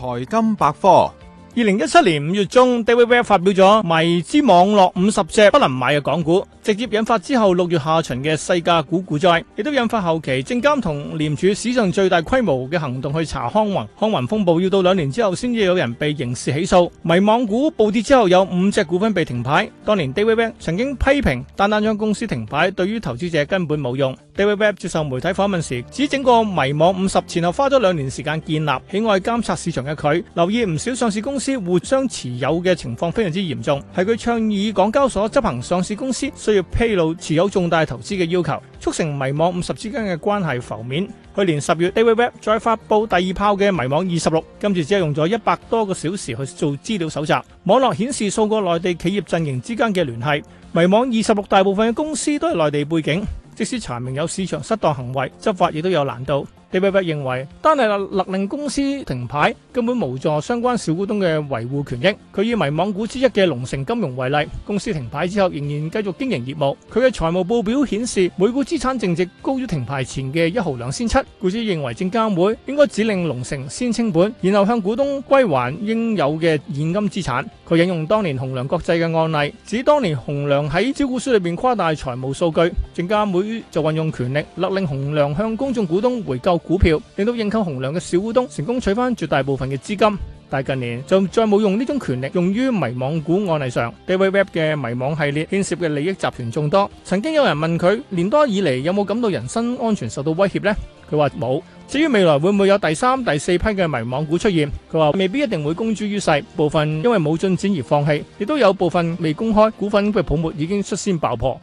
財金百科，二零一七年五月中，David Webb 發表咗謎之網絡五十隻不能買嘅港股。直接引發之後六月下旬嘅細價股股災，亦都引發後期證監同廉署史上最大規模嘅行動去查康宏，康宏風暴，要到兩年之後先至有人被刑事起訴。謎網股暴跌之後有五隻股份被停牌。當年 David Webb 曾經批評單單將公司停牌對於投資者根本冇用。David Webb 接受媒體訪問時指，整個謎網五十前後花咗兩年時間建立，喜愛監察市場嘅佢留意唔少上市公司互相持有嘅情況非常之嚴重，係佢倡議港交所執行上市公司需要披露持有重大投資嘅要求，促成迷網五十之間嘅關係浮面。去年十月，David Webb 再發布第二炮嘅迷網二十六，今次只係用咗一百多個小時去做資料搜集。網絡顯示數個內地企業陣營之間嘅聯繫，迷網二十六大部分嘅公司都係內地背景，即使查明有市場失當行為，執法亦都有難度。李伯伯認為，單係勒令公司停牌根本無助相關小股東嘅維護權益。佢以謎網股之一嘅龍城金融為例，公司停牌之後仍然繼續經營業務，佢嘅財務報表顯示每股資產淨值高於停牌前嘅一毫兩仙七。故此認為證監會應該指令龍城先清本，然後向股東歸還應有嘅現金資產。佢引用當年洪良國際嘅案例，指當年洪良喺招股書裏面誇大財務數據，證監會就運用權力勒令洪良向公眾股東回購股票令到認購洪良嘅小股東成功取翻絕大部分嘅資金，但係近年就再冇用呢種權力用於謎網股案例上。David Webb 嘅謎網系列牽涉嘅利益集團眾多，曾經有人問佢年多以嚟有冇感到人身安全受到威脅呢？佢話冇。至於未來會唔會有第三、第四批嘅謎網股出現？佢話未必一定會公諸於世，部分因為冇進展而放棄，亦都有部分未公開股份嘅泡沫已經率先爆破。